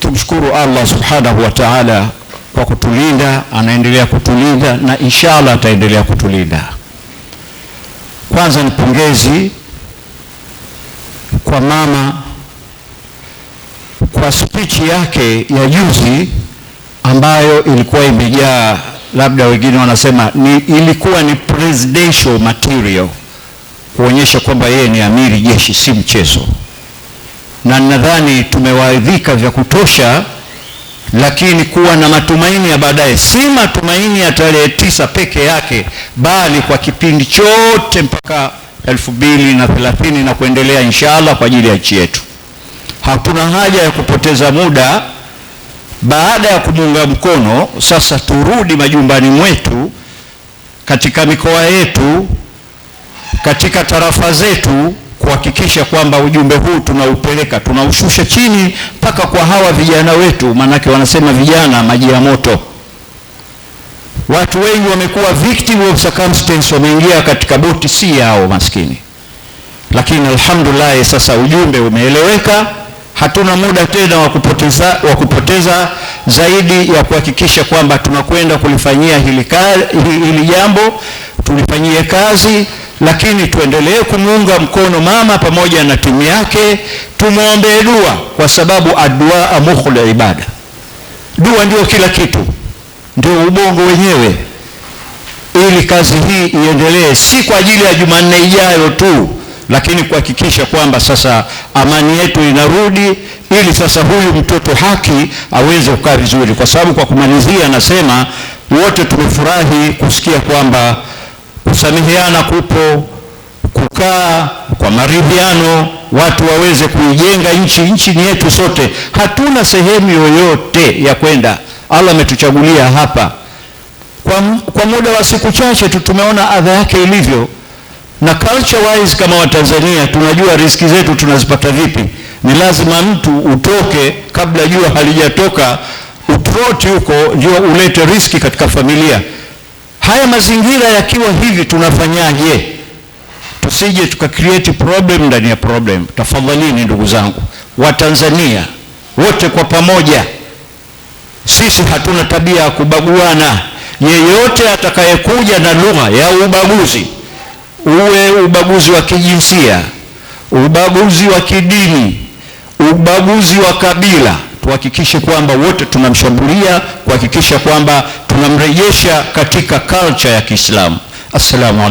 Tumshukuru Allah subhanahu wa taala kwa kutulinda, anaendelea kutulinda na inshallah ataendelea kutulinda. Kwanza ni pongezi kwa mama kwa spichi yake ya juzi ambayo ilikuwa imejaa, labda wengine wanasema ni, ilikuwa ni presidential material kuonyesha kwamba yeye ni amiri jeshi, si mchezo na nadhani tumewaidhika vya kutosha, lakini kuwa na matumaini ya baadaye, si matumaini ya tarehe tisa peke yake, bali kwa kipindi chote mpaka elfu mbili na thelathini na kuendelea, inshallah kwa ajili ya nchi yetu. Hatuna haja ya kupoteza muda. Baada ya kumuunga mkono, sasa turudi majumbani mwetu, katika mikoa yetu, katika tarafa zetu kuhakikisha kwamba ujumbe huu tunaupeleka, tunaushusha chini mpaka kwa hawa vijana wetu, maanake wanasema vijana maji ya moto. Watu wengi wamekuwa victim of circumstance, wameingia katika boti si yao maskini, lakini alhamdulillah, sasa ujumbe umeeleweka. Hatuna muda tena wa kupoteza, wa kupoteza zaidi ya kuhakikisha kwamba tunakwenda kulifanyia hili, hili jambo tulifanyie kazi lakini tuendelee kumuunga mkono mama pamoja na timu yake, tumwombee dua, kwa sababu adua amukhul ibada, dua ndio kila kitu, ndio ubongo wenyewe, ili kazi hii iendelee, si kwa ajili ya Jumanne ijayo tu, lakini kuhakikisha kwamba sasa amani yetu inarudi, ili sasa huyu mtoto haki aweze kukaa vizuri, kwa sababu kwa kumalizia, anasema wote tumefurahi kusikia kwamba kusamehiana kupo, kukaa kwa maridhiano, watu waweze kuijenga nchi. Nchi ni yetu sote, hatuna sehemu yoyote ya kwenda. Allah ametuchagulia hapa. Kwa, kwa muda wa siku chache tu tumeona adha yake ilivyo, na culture wise kama Watanzania tunajua riski zetu tunazipata vipi. Ni lazima mtu utoke kabla jua halijatoka, utroti huko ndio ulete riski katika familia. Haya mazingira yakiwa hivi, tunafanyaje? Tusije tuka create problem ndani ya problem. Tafadhalini ndugu zangu Watanzania wote kwa pamoja, sisi hatuna tabia ya kubaguana. Yeyote atakayekuja na lugha ya ubaguzi, uwe ubaguzi wa kijinsia, ubaguzi wa kidini, ubaguzi wa kabila tuhakikishe kwamba wote tunamshambulia, kuhakikisha kwamba tunamrejesha katika culture ya Kiislamu. Assalamu alaykum.